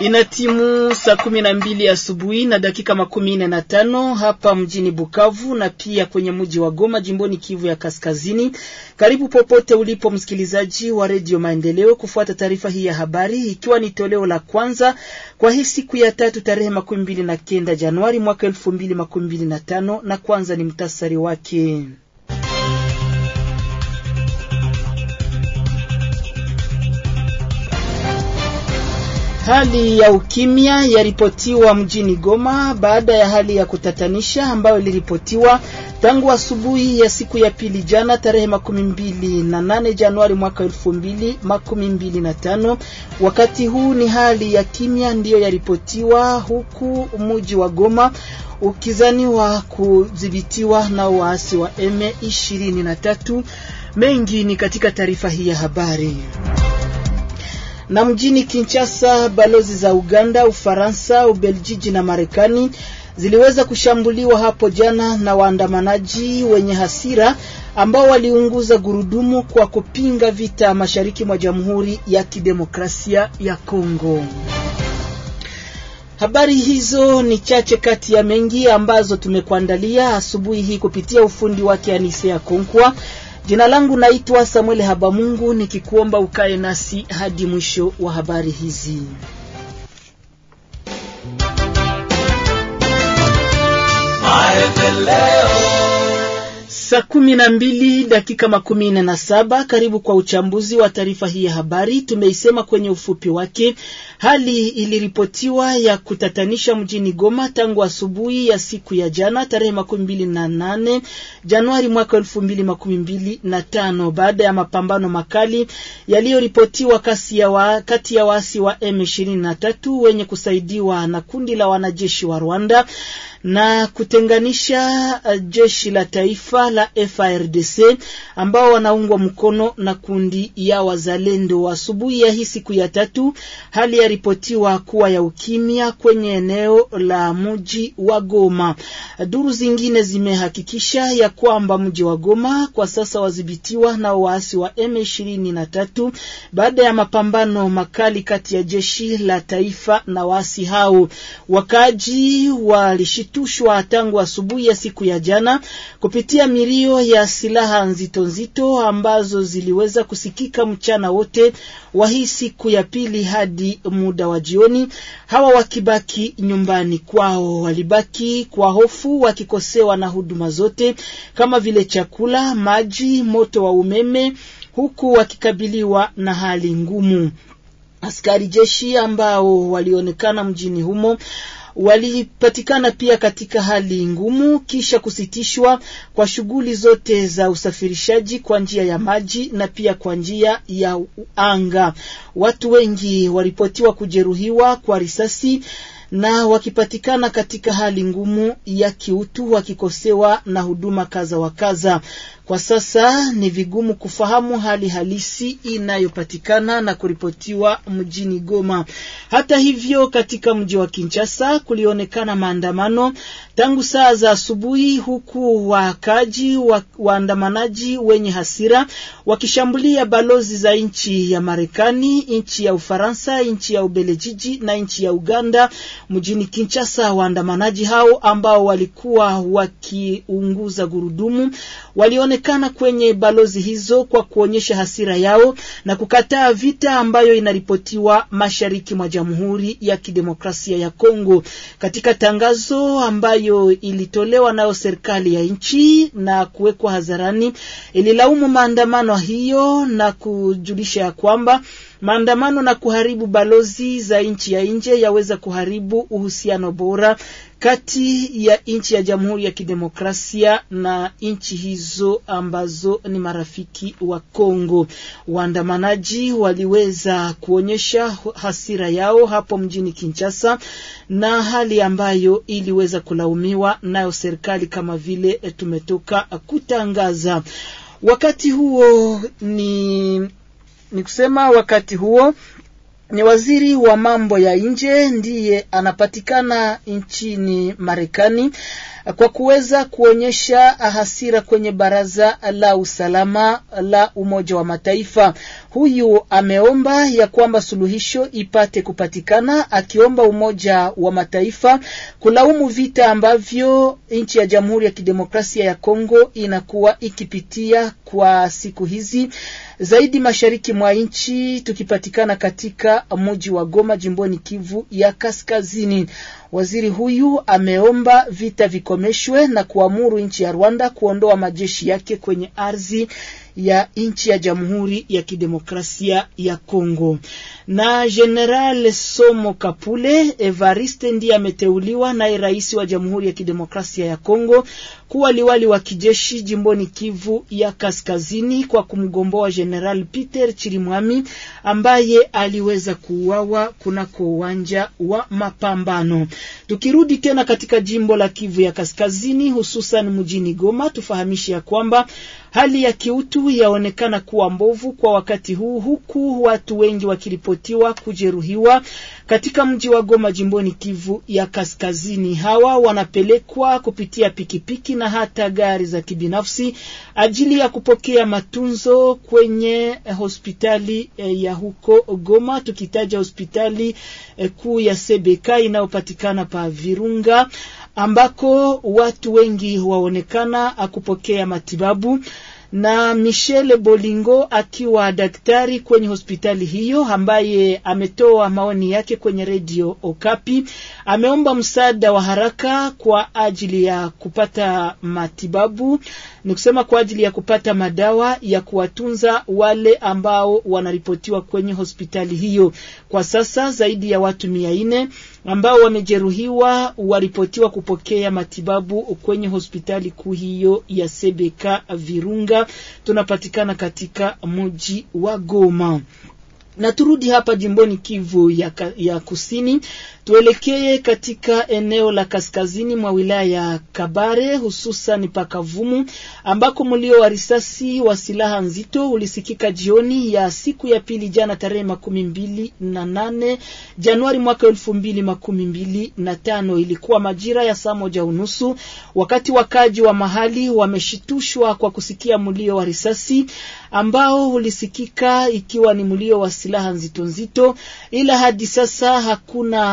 Inatimu saa kumi na mbili asubuhi na dakika makumi nne na tano hapa mjini Bukavu na pia kwenye mji wa Goma jimboni Kivu ya Kaskazini. Karibu popote ulipo msikilizaji wa Redio Maendeleo kufuata taarifa hii ya habari, ikiwa ni toleo la kwanza kwa hii siku ya tatu tarehe makumi mbili na kenda Januari mwaka elfu mbili makumi mbili na tano na kwanza ni mtasari wake. Hali ya ukimya yaripotiwa mjini Goma baada ya hali ya kutatanisha ambayo iliripotiwa tangu asubuhi ya siku ya pili jana tarehe makumi mbili na nane Januari mwaka elfu mbili makumi mbili na tano. Wakati huu ni hali ya kimya ndiyo yaripotiwa huku mji wa Goma ukizaniwa kudhibitiwa na waasi wa M ishirini na tatu. Mengi ni katika taarifa hii ya habari. Na mjini Kinshasa, balozi za Uganda, Ufaransa, Ubeljiji na Marekani ziliweza kushambuliwa hapo jana na waandamanaji wenye hasira ambao waliunguza gurudumu kwa kupinga vita mashariki mwa Jamhuri ya Kidemokrasia ya Kongo. Habari hizo ni chache kati ya mengi ambazo tumekuandalia asubuhi hii kupitia ufundi wake Anisea ya Konkwa. Jina langu naitwa Samuel Habamungu nikikuomba ukae nasi hadi mwisho wa habari hizi. Maendeleo Saa kumi na mbili dakika makumi nne na saba. Karibu kwa uchambuzi wa taarifa hii ya habari. Tumeisema kwenye ufupi wake, hali iliripotiwa ya kutatanisha mjini Goma tangu asubuhi ya siku ya jana tarehe makumi mbili na nane Januari mwaka elfu mbili makumi mbili na tano baada ya mapambano makali yaliyoripotiwa ya kati ya waasi wa M ishirini na tatu wenye kusaidiwa na kundi la wanajeshi wa Rwanda na kutenganisha uh, jeshi la taifa la frdc ambao wanaungwa mkono na kundi ya wazalendo. Asubuhi ya hii siku ya tatu, hali yaripotiwa kuwa ya ukimya kwenye eneo la mji wa Goma. Duru zingine zimehakikisha ya kwamba mji wa Goma kwa sasa wadhibitiwa na waasi wa M23 baada ya mapambano makali kati ya jeshi la taifa na waasi hao. Wakaaji walishika zilitushwa tangu asubuhi ya siku ya jana kupitia milio ya silaha nzito nzito ambazo ziliweza kusikika mchana wote wa hii siku ya pili hadi muda wa jioni, hawa wakibaki nyumbani kwao. Walibaki kwa hofu, wakikosewa na huduma zote kama vile chakula, maji, moto wa umeme, huku wakikabiliwa na hali ngumu. Askari jeshi ambao walionekana mjini humo walipatikana pia katika hali ngumu kisha kusitishwa kwa shughuli zote za usafirishaji kwa njia ya maji na pia kwa njia ya anga. Watu wengi waripotiwa kujeruhiwa kwa risasi na wakipatikana katika hali ngumu ya kiutu wakikosewa na huduma kaza wa kaza kwa sasa ni vigumu kufahamu hali halisi inayopatikana na kuripotiwa mjini Goma. Hata hivyo, katika mji wa Kinshasa kulionekana maandamano tangu saa za asubuhi, huku wakaaji wa, waandamanaji wenye hasira wakishambulia balozi za nchi ya Marekani, nchi ya Ufaransa, nchi ya Ubelejiji na nchi ya Uganda mjini Kinshasa. Waandamanaji hao ambao walikuwa wakiunguza gurudumu walionekana wameonekana kwenye balozi hizo kwa kuonyesha hasira yao na kukataa vita ambayo inaripotiwa mashariki mwa Jamhuri ya Kidemokrasia ya Kongo. Katika tangazo ambayo ilitolewa nayo serikali ya nchi na kuwekwa hadharani, ililaumu maandamano hiyo na kujulisha ya kwamba maandamano na kuharibu balozi za nchi ya nje yaweza kuharibu uhusiano bora kati ya nchi ya Jamhuri ya Kidemokrasia na nchi hizo ambazo ni marafiki wa Kongo. Waandamanaji waliweza kuonyesha hasira yao hapo mjini Kinshasa, na hali ambayo iliweza kulaumiwa nayo serikali kama vile eh, tumetoka kutangaza. Wakati huo ni ni kusema wakati huo ni waziri wa mambo ya nje ndiye anapatikana nchini Marekani kwa kuweza kuonyesha hasira kwenye baraza la usalama la Umoja wa Mataifa. Huyu ameomba ya kwamba suluhisho ipate kupatikana, akiomba Umoja wa Mataifa kulaumu vita ambavyo nchi ya Jamhuri ya Kidemokrasia ya Kongo inakuwa ikipitia kwa siku hizi zaidi mashariki mwa nchi, tukipatikana katika mji wa Goma jimboni Kivu ya Kaskazini. Waziri huyu ameomba vita vikomeshwe na kuamuru nchi ya Rwanda kuondoa majeshi yake kwenye ardhi ya nchi ya Jamhuri ya Kidemokrasia ya Kongo. Na General Somo Kapule Evariste ndiye ameteuliwa naye rais wa Jamhuri ya Kidemokrasia ya Kongo kuwa liwali wa kijeshi jimboni Kivu ya Kaskazini kwa kumgomboa General Peter Chirimwami ambaye aliweza kuuawa kunako uwanja wa mapambano. Tukirudi tena katika jimbo la Kivu ya Kaskazini, hususan mjini Goma, tufahamishe ya kwamba hali ya kiutu yaonekana kuwa mbovu kwa wakati huu, huku watu wengi wakiripotiwa kujeruhiwa katika mji wa Goma jimboni Kivu ya Kaskazini. Hawa wanapelekwa kupitia pikipiki na hata gari za kibinafsi ajili ya kupokea matunzo kwenye eh, hospitali eh, ya huko Goma, tukitaja hospitali eh, kuu ya CBK inayopatikana pa Virunga ambako watu wengi waonekana akupokea matibabu na Michelle Bolingo akiwa daktari kwenye hospitali hiyo ambaye ametoa maoni yake kwenye redio Okapi. Ameomba msaada wa haraka kwa ajili ya kupata matibabu, ni kusema kwa ajili ya kupata madawa ya kuwatunza wale ambao wanaripotiwa kwenye hospitali hiyo. Kwa sasa zaidi ya watu mia nne ambao wamejeruhiwa waripotiwa kupokea matibabu kwenye hospitali kuu hiyo ya Sebeka Virunga tunapatikana katika mji wa Goma. Na turudi hapa jimboni Kivu ya, ya Kusini, tuelekee katika eneo la kaskazini mwa wilaya ya Kabare, hususan Pakavumu, ambako mlio wa risasi wa silaha nzito ulisikika jioni ya siku ya pili jana, tarehe makumi mbili na nane Januari mwaka elfu mbili makumi mbili na tano. Ilikuwa majira ya saa moja unusu, wakati wakaji wa mahali wameshitushwa kwa kusikia mlio wa risasi ambao ulisikika ikiwa ni mlio wa silaha nzito nzito, ila hadi sasa hakuna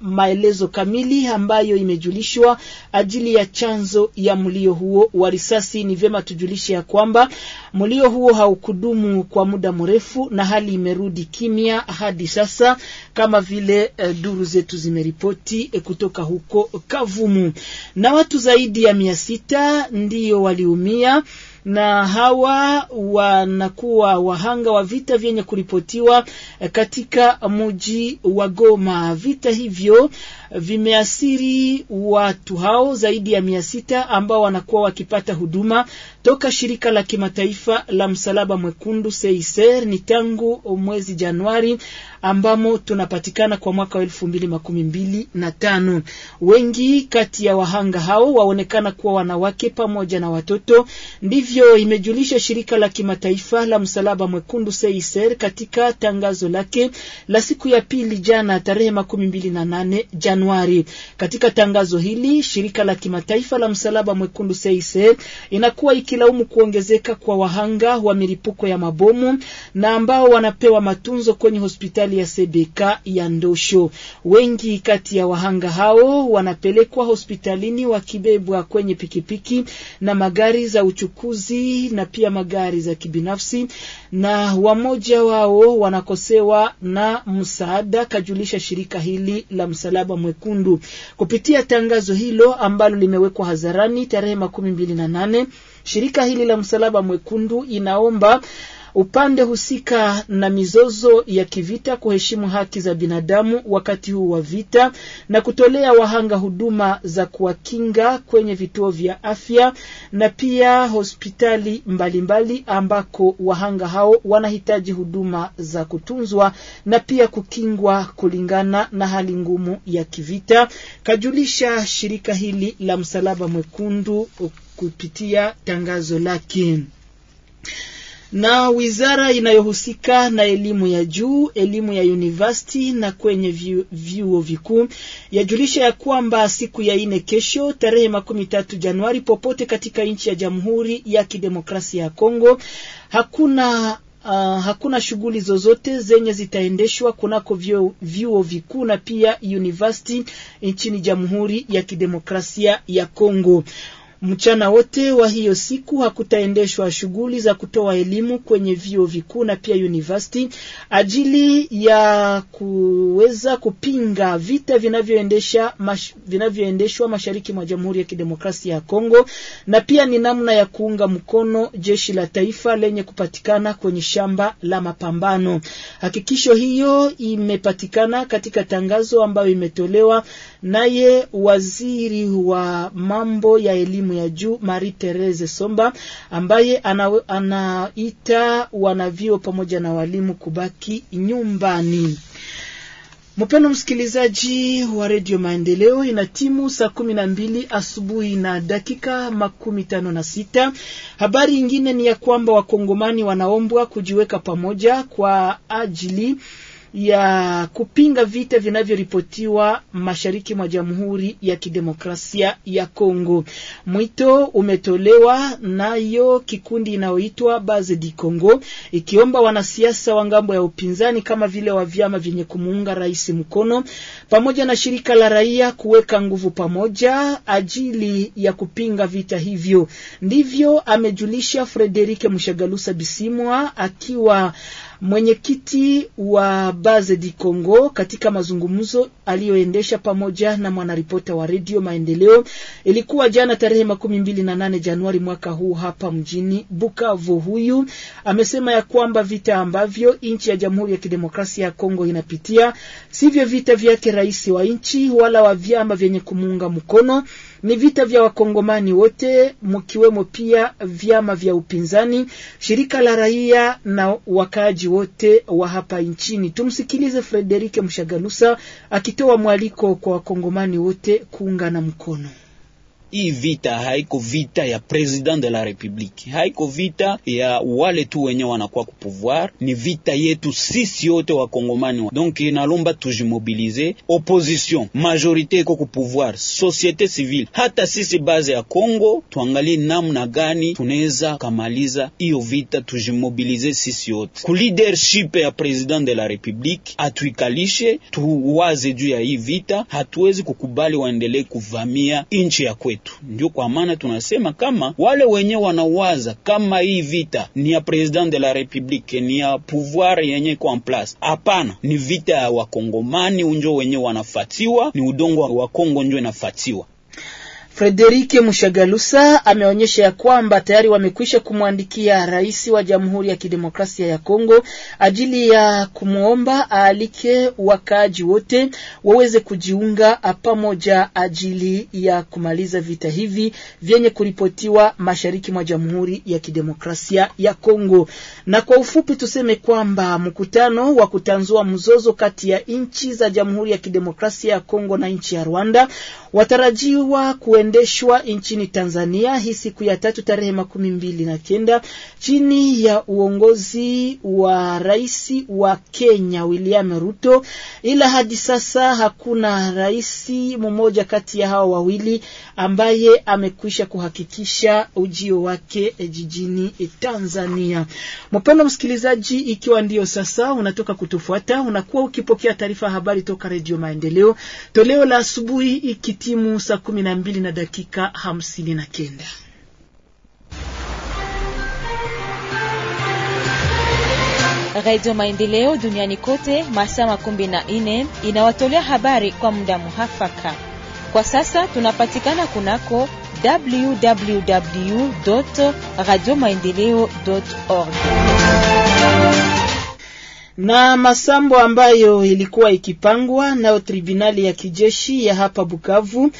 maelezo kamili ambayo imejulishwa ajili ya chanzo ya mlio huo wa risasi. Ni vyema tujulishe ya kwamba mlio huo haukudumu kwa muda mrefu na hali imerudi kimya hadi sasa, kama vile e, duru zetu zimeripoti e, kutoka huko Kavumu, na watu zaidi ya mia sita ndio waliumia na hawa wanakuwa wahanga wa vita vyenye kuripotiwa eh, katika mji wa Goma. Vita hivyo vimeasiri watu hao zaidi ya mia sita ambao wanakuwa wakipata huduma toka shirika la kimataifa la msalaba mwekundu CICR ni tangu mwezi Januari ambamo tunapatikana kwa mwaka wa elfu mbili makumi mbili na tano. Wengi kati ya wahanga hao waonekana kuwa wanawake pamoja na watoto, ndivyo imejulisha shirika la kimataifa la msalaba mwekundu CICR katika tangazo lake la siku ya pili jana tarehe makumi mbili na nane Januari. Januari. Katika tangazo hili, shirika la kimataifa la msalaba mwekundu Seise inakuwa ikilaumu kuongezeka kwa wahanga wa milipuko ya mabomu na ambao wanapewa matunzo kwenye hospitali ya Sebeka ya Ndosho. Wengi kati ya wahanga hao wanapelekwa hospitalini wakibebwa kwenye pikipiki na magari za uchukuzi na pia magari za kibinafsi, na wamoja wao wanakosewa na msaada, kajulisha shirika hili la msalaba mwekundu. Mwekundu. Kupitia tangazo hilo ambalo limewekwa hadharani tarehe makumi mbili na nane, shirika hili la Msalaba Mwekundu inaomba upande husika na mizozo ya kivita kuheshimu haki za binadamu wakati huu wa vita na kutolea wahanga huduma za kuwakinga kwenye vituo vya afya na pia hospitali mbalimbali mbali ambako wahanga hao wanahitaji huduma za kutunzwa na pia kukingwa kulingana na hali ngumu ya kivita, kajulisha shirika hili la Msalaba Mwekundu kupitia tangazo lake na wizara inayohusika na elimu ya juu, elimu ya university na kwenye vyuo vikuu yajulisha ya kwamba siku ya ine kesho tarehe makumi tatu Januari, popote katika nchi ya Jamhuri ya Kidemokrasia ya Kongo hakuna Uh, hakuna shughuli zozote zenye zitaendeshwa kunako vyuo vikuu na pia university nchini Jamhuri ya Kidemokrasia ya Kongo. Mchana wote wa hiyo siku hakutaendeshwa shughuli za kutoa elimu kwenye vyuo vikuu na pia university ajili ya kuweza kupinga vita vinavyoendesha mash, vinavyoendeshwa mashariki mwa Jamhuri ya Kidemokrasia ya Kongo, na pia ni namna ya kuunga mkono jeshi la taifa lenye kupatikana kwenye shamba la mapambano. Hakikisho hiyo imepatikana katika tangazo ambayo imetolewa naye waziri wa mambo ya elimu elimu ya juu Marie Therese Somba ambaye anaita anaita wanavio pamoja na walimu kubaki nyumbani. mpeno msikilizaji wa redio Maendeleo, ina timu saa kumi na mbili asubuhi na dakika makumi tano na sita. Habari ingine ni ya kwamba wakongomani wanaombwa kujiweka pamoja kwa ajili ya kupinga vita vinavyoripotiwa mashariki mwa Jamhuri ya Kidemokrasia ya Kongo. Mwito umetolewa nayo kikundi inayoitwa Base di Congo ikiomba wanasiasa wa ngambo ya upinzani kama vile wa vyama vyenye kumuunga rais mkono pamoja na shirika la raia kuweka nguvu pamoja ajili ya kupinga vita hivyo. Ndivyo amejulisha Frederike Mshagalusa Bisimwa akiwa mwenyekiti wa base di Congo katika mazungumzo aliyoendesha pamoja na mwanaripota wa redio Maendeleo. Ilikuwa jana tarehe makumi mbili na nane Januari mwaka huu hapa mjini Bukavu. Huyu amesema ya kwamba vita ambavyo nchi ya Jamhuri ya Kidemokrasia ya Kongo inapitia sivyo vita vyake rais wa nchi wala wa vyama vyenye kumuunga mkono, ni vita vya wakongomani wote, mkiwemo pia vyama vya upinzani, shirika la raia na wakaaji wote wa hapa nchini. Tumsikilize Frederike Mshagalusa akita Alitoa mwaliko kwa wakongomani wote kuungana mkono. Hii vita haiko vita ya president de la republique, haiko vita ya wale tu wenye wanakuwa pouvoir ni vita yetu sisi yote wakongomani wa. Donc inalomba tujimobilize, opposition majorite iko pouvoir societe civile, hata sisi baze ya Kongo, tuangalie namna gani tunaweza kamaliza hiyo vita, tujimobilize sisi yote ku leadership ya president de la republique, atuikalishe tuwaze juu ya hii vita. Hatuwezi kukubali waendelee kuvamia nchi ya kwetu yetu. Ndio kwa maana tunasema kama wale wenye wanawaza kama hii vita ni ya president de la republique, ni ya pouvoir yenye kwa place, hapana, ni vita ya wakongomani unjo wenye wanafatiwa, ni udongo wa Kongo njo inafatiwa. Frederike Mushagalusa ameonyesha ya kwamba tayari wamekwisha kumwandikia rais wa Jamhuri ya Kidemokrasia ya Kongo ajili ya kumwomba aalike wakaaji wote waweze kujiunga pamoja ajili ya kumaliza vita hivi vyenye kuripotiwa mashariki mwa Jamhuri ya Kidemokrasia ya Kongo. Na kwa ufupi tuseme kwamba mkutano wa kutanzua mzozo kati ya nchi za Jamhuri ya Kidemokrasia ya Kongo na nchi ya Rwanda watarajiwa kuen kuendeshwa nchini Tanzania hii siku ya tatu tarehe makumi mbili na kenda chini ya uongozi wa rais wa Kenya William Ruto, ila hadi sasa hakuna rais mmoja kati ya hao wawili ambaye amekwisha kuhakikisha ujio wake jijini Tanzania. Mpendwa msikilizaji, ikiwa ndio sasa unatoka kutufuata, unakuwa ukipokea taarifa habari toka Redio Maendeleo toleo la asubuhi ikitimu saa kumi na mbili na na dakika hamsini na kenda. Redio Maendeleo duniani kote masaa makumi na ine inawatolea habari kwa muda muhafaka. Kwa sasa tunapatikana kunako www radio maendeleo org na masambo ambayo ilikuwa ikipangwa nayo tribunali ya kijeshi ya hapa Bukavu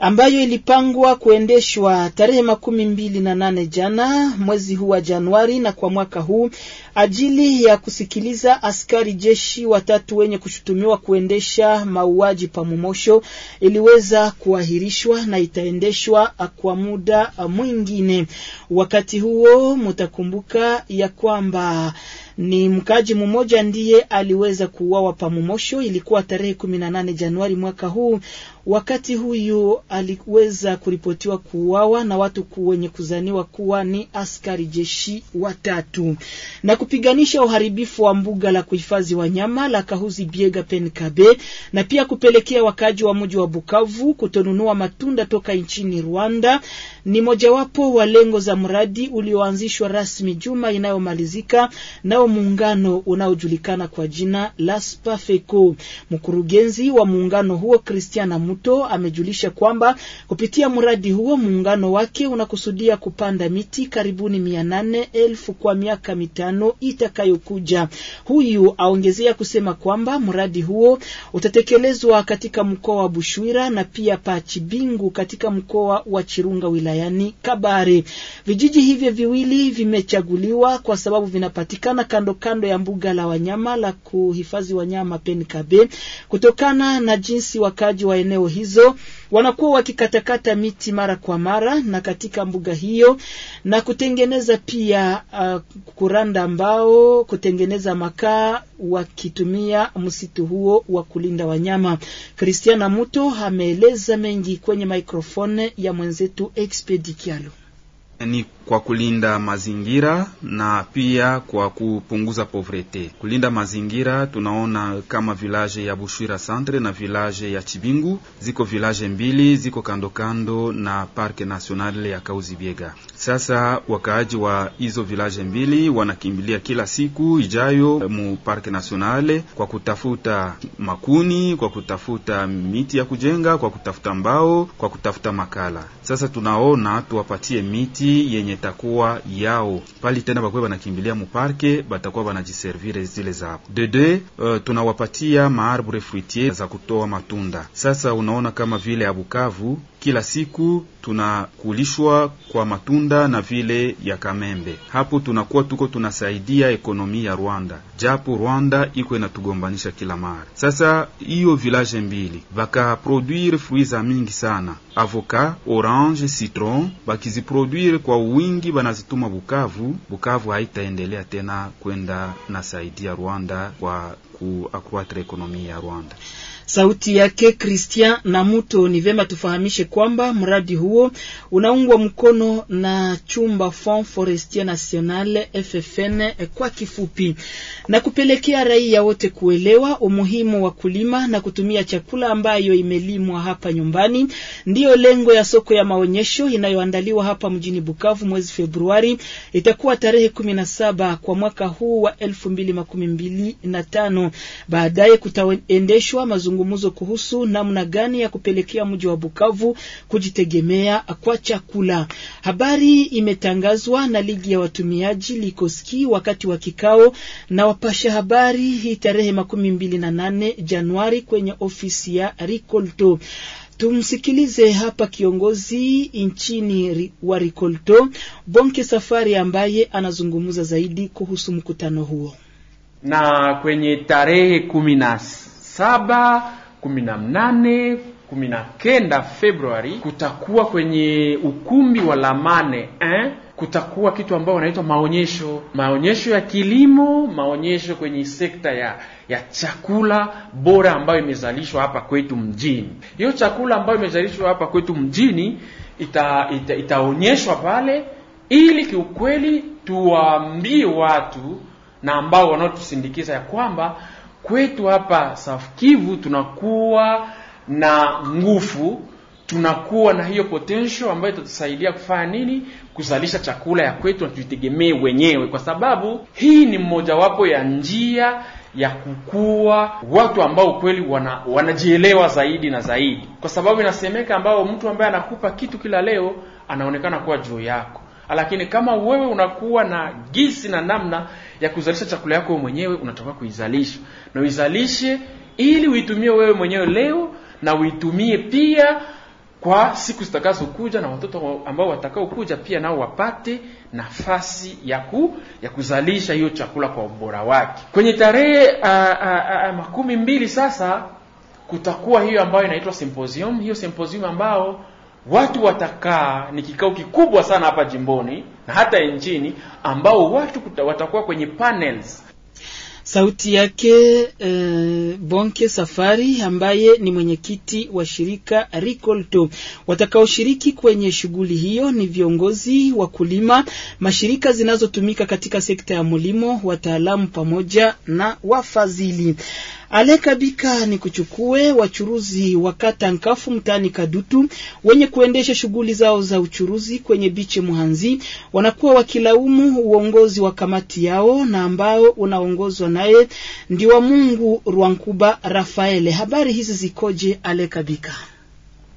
ambayo ilipangwa kuendeshwa tarehe makumi mbili na nane jana mwezi huu wa Januari na kwa mwaka huu ajili ya kusikiliza askari jeshi watatu wenye kushutumiwa kuendesha mauaji pamomosho iliweza kuahirishwa na itaendeshwa kwa muda mwingine. Wakati huo mutakumbuka ya kwamba ni mkaji mmoja ndiye aliweza kuuawa pamomosho, ilikuwa tarehe 18 Januari mwaka huu. Wakati huyu aliweza kuripotiwa kuuawa na watu wenye kuzaniwa kuwa ni askari jeshi watatu. Na kupiganisha uharibifu wa mbuga la kuhifadhi wanyama la Kahuzi Biega Penkabe, na pia kupelekea wakaaji wa mji wa Bukavu kutonunua matunda toka nchini Rwanda ni mojawapo wa lengo za mradi ulioanzishwa rasmi juma inayomalizika nao muungano unaojulikana kwa jina la Spafeco. Mkurugenzi wa muungano huo Christiana Muto amejulisha kwamba kupitia mradi huo muungano wake unakusudia kupanda miti karibuni mia nane elfu kwa miaka mitano itakayokuja. Huyu aongezea kusema kwamba mradi huo utatekelezwa katika mkoa wa Bushwira na pia Pachibingu katika mkoa wa Chirunga wilayani Kabare. Vijiji hivyo viwili vimechaguliwa kwa sababu vinapatikana kando kando ya mbuga la wanyama la kuhifadhi wanyama Penkabe, kutokana na jinsi wakaji wa eneo hizo wanakuwa wakikatakata miti mara kwa mara na katika mbuga hiyo na kutengeneza pia uh, kuranda mbao, kutengeneza makaa wakitumia msitu huo wa kulinda wanyama. Christiana Muto ameeleza mengi kwenye maikrofone ya mwenzetu Expedikialo kwa kulinda mazingira na pia kwa kupunguza povrete. Kulinda mazingira, tunaona kama vilaje ya Bushwira Centre na vilaje ya Chibingu ziko vilaje mbili ziko kando kando na Parke nasional ya Kauzi Biega. Sasa wakaaji wa hizo vilaje mbili wanakimbilia kila siku ijayo mu Parke National kwa kutafuta makuni, kwa kutafuta miti ya kujenga, kwa kutafuta mbao, kwa kutafuta makala. Sasa tunaona tuwapatie miti yenye itakuwa yao pali tena, bakwe banakimbilia muparke, batakuwa banajiservire zile zao dede. Uh, eh, tunawapatia maarbre fruitier za kutoa matunda. Sasa unaona kama vile abukavu kila siku tunakulishwa kwa matunda na vile ya kamembe. Hapo tunakuwa tuko tunasaidia ekonomi ya Rwanda, japo Rwanda iko inatugombanisha kila mara. Sasa hiyo village mbili bakaproduire fruit za mingi sana, avocat, orange, citron. Bakiziproduire kwa wingi banazituma Bukavu. Bukavu haitaendelea tena kwenda nasaidia Rwanda kwa kuakwatre ekonomi ya Rwanda. Sauti yake Christian na Muto. Ni vema tufahamishe kwamba mradi huo unaungwa mkono na chumba Fond Forestier National FFN eh, kwa kifupi, na kupelekea raia wote kuelewa umuhimu wa kulima na kutumia chakula ambayo imelimwa hapa nyumbani. Ndiyo lengo ya soko ya maonyesho inayoandaliwa hapa mjini Bukavu mwezi Februari, itakuwa tarehe 17 kwa mwaka huu wa 2025. Baadaye kutaendeshwa mazungumzo mazungumzo kuhusu namna gani ya kupelekea mji wa Bukavu kujitegemea kwa chakula. Habari imetangazwa na ligi ya watumiaji Likoski wakati wa kikao na wapasha habari hii tarehe makumi mbili na nane Januari kwenye ofisi ya Ricolto. Tumsikilize hapa kiongozi nchini wa Ricolto Bonke Safari ambaye anazungumza zaidi kuhusu mkutano huo na kwenye tarehe kumi na saba kumi na mnane kumi na kenda Februari kutakuwa kwenye ukumbi wa Lamane eh? Kutakuwa kitu ambayo wanaitwa maonyesho, maonyesho ya kilimo, maonyesho kwenye sekta ya ya chakula bora ambayo imezalishwa hapa kwetu mjini. Hiyo chakula ambayo imezalishwa hapa kwetu mjini ita, ita, itaonyeshwa pale ili kiukweli tuwaambie watu na ambao wanaotusindikiza ya kwamba kwetu hapa safkivu tunakuwa na nguvu, tunakuwa na hiyo potential ambayo itatusaidia kufanya nini? Kuzalisha chakula ya kwetu na tujitegemee wenyewe, kwa sababu hii ni mmojawapo ya njia ya kukua watu ambao kweli wana, wanajielewa zaidi na zaidi, kwa sababu inasemeka ambao mtu ambaye anakupa kitu kila leo anaonekana kuwa juu yako, lakini kama wewe unakuwa na gisi na namna ya kuzalisha chakula yako wewe mwenyewe unatoka kuizalisha na uizalishe ili uitumie wewe mwenyewe leo na uitumie pia kwa siku zitakazokuja na watoto ambao watakaokuja pia nao wapate nafasi ya ku, ya kuzalisha hiyo chakula kwa ubora wake. Kwenye tarehe makumi mbili sasa kutakuwa hiyo ambayo inaitwa symposium, hiyo symposium ambao watu watakaa, ni kikao kikubwa sana hapa jimboni na hata nchini, ambao watu kuta, watakuwa kwenye panels. Sauti yake uh, Bonke Safari ambaye ni mwenyekiti wa shirika Ricolto. Watakaoshiriki kwenye shughuli hiyo ni viongozi, wakulima, mashirika zinazotumika katika sekta ya mlimo, wataalamu pamoja na wafadhili. Aleka Bika ni kuchukue wachuruzi wa kata Nkafu mtaani Kadutu wenye kuendesha shughuli zao za uchuruzi kwenye biche Muhanzi wanakuwa wakilaumu uongozi wa kamati yao na ambao unaongozwa naye wa Mungu Rwankuba Rafaele. Habari hizi zikoje, Aleka Bika?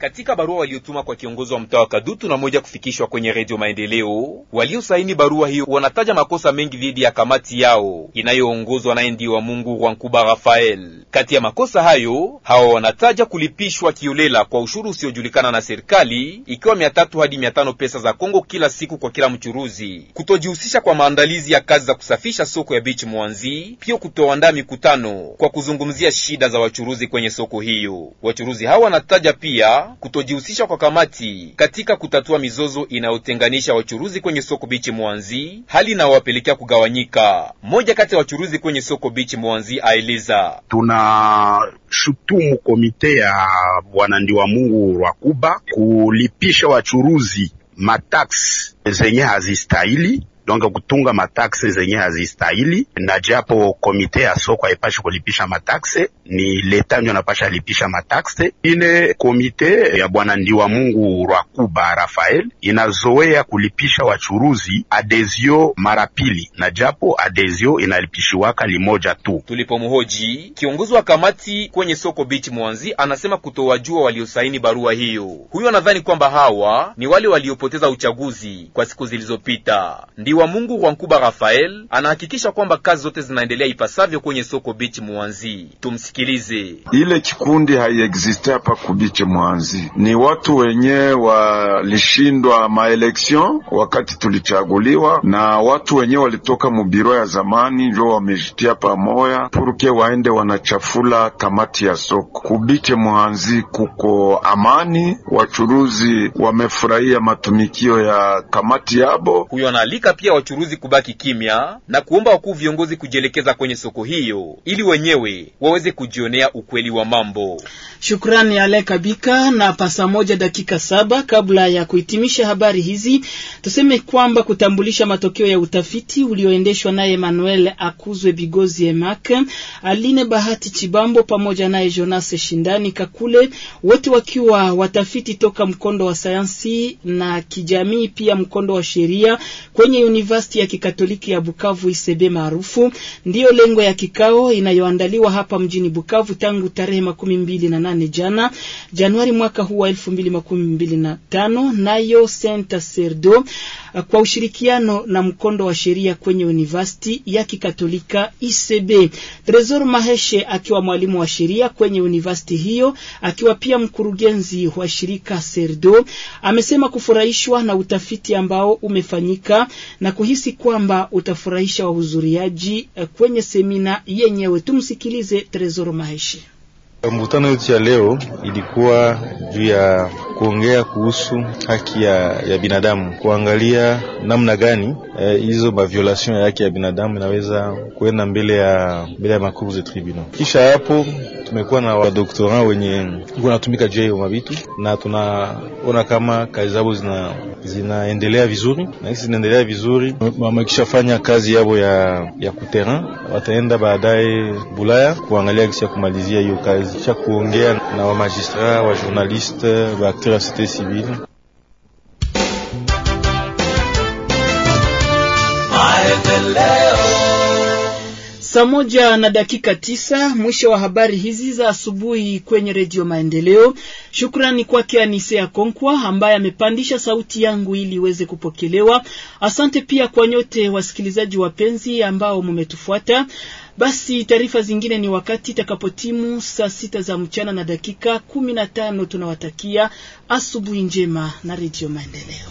Katika barua waliotuma kwa kiongozi wa mtaa wa Kadutu na moja kufikishwa kwenye Redio Maendeleo, waliosaini barua hiyo wanataja makosa mengi dhidi ya kamati yao inayoongozwa naye ndio wa Mungu wa Rafael. Kati ya makosa hayo, hawa wanataja kulipishwa kiolela kwa ushuru usiojulikana na serikali, ikiwa mia tatu hadi mia tano pesa za Kongo kila siku kwa kila mchuruzi, kutojihusisha kwa maandalizi ya kazi za kusafisha soko ya Beach Mwanzi, pia kutoandaa mikutano kwa kuzungumzia shida za wachuruzi kwenye soko hiyo. Wachuruzi hawa wanataja pia kutojihusisha kwa kamati katika kutatua mizozo inayotenganisha wachuruzi kwenye soko bichi Mwanzi, hali inayowapelekea kugawanyika. Mmoja kati ya wachuruzi kwenye soko bichi Mwanzi aeleza: tunashutumu komite ya Bwana wa Mungu wa Kuba kulipisha wachuruzi mataksi zenye hazistahili donc kutunga mataxe zenye hazistahili, na japo komite ya soko haipashi kulipisha mataxe, ni leta ndio anapasha lipisha mataxe. Ine komite ya bwana Ndiwa Mungu Rwakuba Rafael inazoea kulipisha wachuruzi adezio mara pili, na japo adezio inalipishiwaka limoja tu. Tulipomhoji kiongozi wa kamati kwenye soko Beach Mwanzi, anasema kutowajua waliosaini barua hiyo. Huyo anadhani kwamba hawa ni wale waliopoteza uchaguzi kwa siku zilizopita. Bi wa Mungu wa Nkuba Rafael anahakikisha kwamba kazi zote zinaendelea ipasavyo kwenye soko bichi Mwanzi. Tumsikilize. Ile kikundi haiexiste hapa kubichi Mwanzi, ni watu wenye walishindwa maeleksyon wakati tulichaguliwa, na watu wenye walitoka mubiro ya zamani, njo wamejitia pamoya purke waende wanachafula kamati ya soko kubiche Mwanzi. Kuko amani, wachuruzi wamefurahia matumikio ya kamati yabo. Huyo analika pia wachuruzi kubaki kimya na kuomba wakuu viongozi kujielekeza kwenye soko hiyo ili wenyewe waweze kujionea ukweli wa mambo. Shukrani Ale Kabika. Na pasa moja dakika saba kabla ya kuhitimisha habari hizi, tuseme kwamba kutambulisha matokeo ya utafiti ulioendeshwa naye Emmanuel Akuzwe Bigozi Emak, Aline Bahati Chibambo pamoja naye Jonas Shindani Kakule, wote wakiwa watafiti toka mkondo wa sayansi na kijamii, pia mkondo wa sheria kwenye University ya Kikatoliki ya Bukavu ISEBE maarufu, ndiyo lengo ya kikao inayoandaliwa hapa mjini Bukavu tangu tarehe makumi mbili na nane jana Januari mwaka huu wa elfu mbili makumi mbili na tano nayo Senta Serdo uh, kwa ushirikiano na mkondo wa sheria kwenye University ya Kikatolika ISEBE. Tresor Maheshe akiwa mwalimu wa sheria kwenye university hiyo akiwa pia mkurugenzi wa shirika Serdo amesema kufurahishwa na utafiti ambao umefanyika na kuhisi kwamba utafurahisha wahudhuriaji eh, kwenye semina yenyewe. Tumsikilize Tresor Maheshi. Mkutano yetu ya leo ilikuwa juu ya kuongea kuhusu haki ya, ya binadamu, kuangalia namna gani eh, hizo eh, maviolation ya haki ya binadamu inaweza kuenda mbele ya mbele ya makuru za tribunal. Kisha hapo tumekuwa na wadoktora wenye wanatumika juu ya hiyo mabitu, na tunaona kama kazi zao zina zinaendelea vizuri, na hizi zinaendelea vizuri. fanya kazi yao ya ya kuterrain, wataenda baadaye Bulaya kuangalia kisha kumalizia hiyo kazi cha kuongea na wamagistrat, wa journaliste, wa acteur ya société civile. Saa moja na dakika tisa, mwisho wa habari hizi za asubuhi kwenye Redio Maendeleo. Shukrani kwake Anisea Konkwa ambaye amepandisha sauti yangu ili iweze kupokelewa. Asante pia kwa nyote wasikilizaji wapenzi ambao mumetufuata. Basi taarifa zingine ni wakati itakapotimu saa sita za mchana na dakika kumi na tano tunawatakia asubuhi njema na Redio Maendeleo.